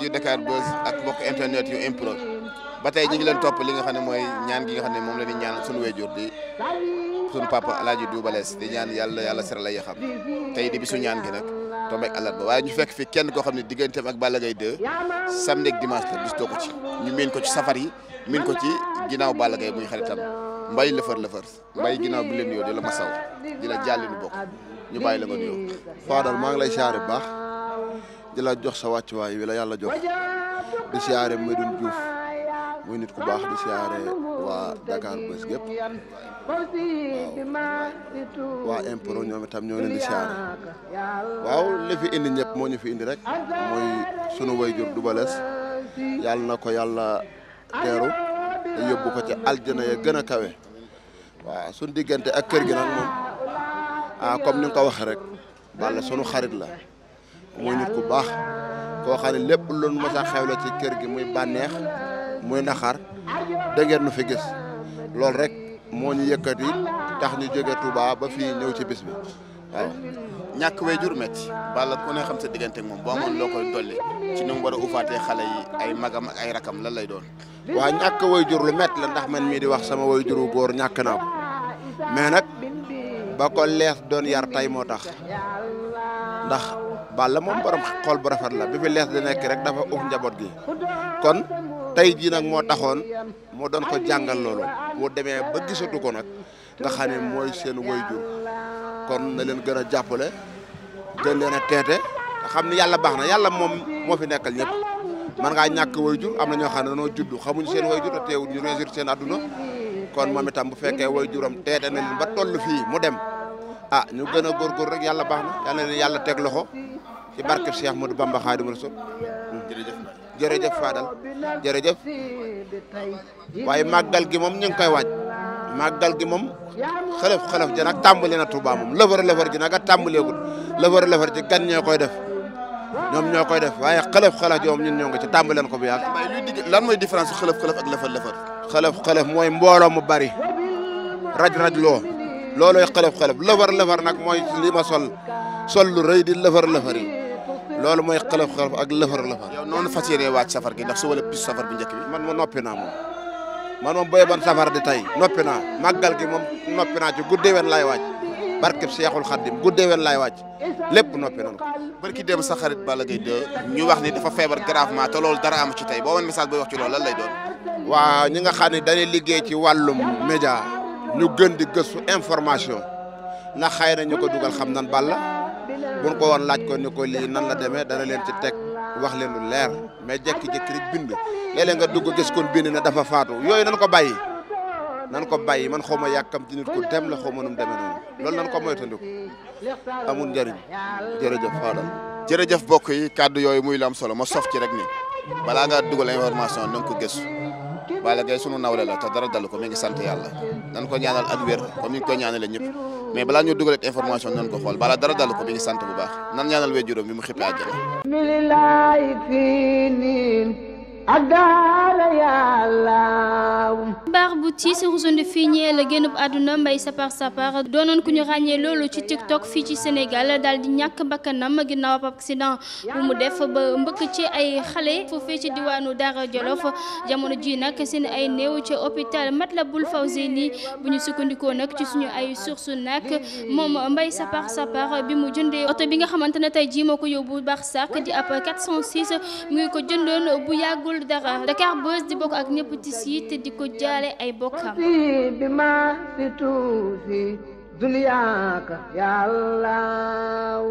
yu Dakar Buzz ak mbokk internet yu impro ba tey ñu ngi leen topp li nga xam ne mooy ñaan gi nga xam ne moom la ñuy ñaan suñu wéjur di suñu papa Alaaji Duuba Lees di ñaan yàlla yàlla sera la ya xam tey di bisu ñaan gi nag tombe ak àllarba waaye ñu fekk fi kenn koo xam ne digganteem ak Balla Gaye 2 samedi ak dimanche la bis too ko ci ñu miin ko ci safar yi miin ko ci ginnaaw Balla Gaye muy xaritam mbay lëfër lëfër mbay ginnaaw bi leen yow di la masaw di la jàlli nu bokk ñu bàyyi la nga nuyoo maa ngi lay siyaare bu baax di la jox sa wàccuwaay wi la yàlla jox di siyaare Medoune Diouf muy nit ku baax di siyaare waa Dakar bés gépp waaw waa impro ñoom itam ñoo leen siyaare waaw li fi indi ñëpp moo ñu fi indi rek mooy sunu wayjur Double Less yàlla na ko yàlla teeru te ko ci aljana ya gën a kawe waaw sunu diggante ak kër gi nag moom ah comme ni nga ko waxee rek Balla sunu xarit la muy nit ku baax koo xam ne lépp loolu mos a xewle ci kër gi muy bànneex muy naxar da ngeen nu fi gis loolu rek moo ñu yëkkati tax ñu jóge Touba ba fii ñëw ci bis bi waaw. ñàkk wee jur métti bala ku ne xam sa diggante moom loo koy dolli ci ni mu war a xale yi ay magam ay rakam lan lay doon. waa ñàkk way jur lu métti la ndax man mii di wax sama way juru góor ñàkk naa ko mais nag ba ko lees doon yar tay moo tax ndax Balla moom borom xool bu rafet la bi fi lees di nekk rek dafa uf njaboot gi kon tey jii nag moo taxoon moo doon ko jàngal loolu boo demee ba gisatu ko nag nga xam ne mooy seen waajur kon na leen gën a jàppale gën leen a teete xam ni yàlla baax na yàlla moom moo fi nekkal ñëpp man ngaa ñàkk jur am na ñoo xam ne dañoo judd xamuñ seen waajur a teewul ñu réussir seen àdduna kon moom itam bu fekkee waajuram teete na leen ba toll fii mu dem a ah ñu gën a góorgóor rek yàlla baax na yàlla yàlla teg loxo ci barkeb Cheikh Modou Bamba Xaadimu Rasuul jërëjëf jërëjëf Fadal jërëjëf waaye màggal gi moom ñu koy waaj màggal gi moom xelef xelef ji nag tàmbali na Touba moom lëfër lëfër ji nag a tàmbaleegul lëfër lëfër ji gan ñoo koy def ñoom ñoo koy def waaye xelef xelef ji moom ñun ñoo ngi ci tàmbaleen ko bu yàgg. lan mooy différence su xelef xelef ak mooy mbooloo mu bari raj raj loo loolooy xelef xelef lëfër lëfër nag mooy li sol sol lu rëy di lëfër lëfër yi. loolu mooy xalaf xalaf ak lëfar lëfar yow noonu fas yéenee wàcc safar gi ndax suba la bis safar bu njëkk bi man ma noppi naa moom man moom boye ban safar di tey noppi naa màggal gi moom noppi naa ci guddeewen laay wàcc barkeb Seexul Xaddim guddeewen laay wàcc lépp noppi barki dem sa xarit Balla Gaye 2 ñu wax ni dafa feebar gravement te loolu dara am ci tey boo man message booy wax ci loolu lan lay doon waaw ñi xam ne dañuy liggéey ci wàllum média ñu gën di gëstu information ndax xëy na ñu ko dugal xam nan Balla buñ ko woon laaj ko ni ko lii nan la demee dana leen ci teg wax leen lu leer mais jékki-jékki rek bind léeg nga dugg gis kon bind ne dafa faatu yooyu nan ko bàyyi nan ko bàyyi man xaw ma yàkkam ci nit ku dem la xaw ma nu mu demee noonu loolu nan ko moytandiku amul njëriñ jërëjëf Fadal. jërëjëf mbokk yi kàddu yooyu muy lu am solo ma sof ci rek ni balaa nga dugal information na nga ko gëstu. Balla Gaye sunu nawle la te dara dalu ko mi ngi sant yàlla nan ko ñaanal ak wér comme ni ñu koy ñaanalee ñëpp mais balaa ñu dugal ak information nan ko xool balaa dara dalu ko mi sant bu nan ñaanal wéy juróom mu xippee àjjana mililaay fii niin ak daala yàlla ci si rusandu fii ñeel génnub àdduna mbay sapar sapar doonoon ku ñu ràññee loolu ci tiktok fii ci Sénégal daal di ñàkk bakkanam ginnaaw ab accident bu mu def ba mbëkk ci ay xale foofee ci diwaanu Daara Jolof jamono ji nag seen ay néew ci hôpital Matlaboul Fawzeyni bu ñu sukkandikoo nag ci suñu ay source nag moom mbay sapar sapar bi mu jëndee oto bi nga xamante ne tey jii moo ko yóbbu Barsàq di ab 406 mu ngi ko jëndoon bu yàggul dara Dakar Buzz di ak ñëpp ci di ko jaale ay bokkam bi ma si tuuti duniyaaka yàllaaw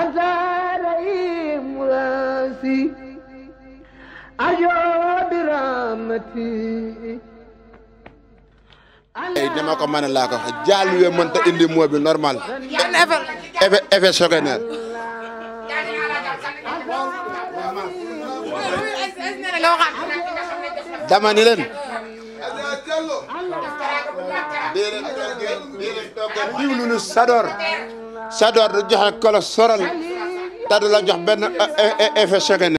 antaara imurasi ajoo bi ramati ay dama a laa ko jaalu we normal effet effet secondaire leen diwlu nu Sador Sador du joxe cholestérol te du la jox benn eh, eh, effet secondaire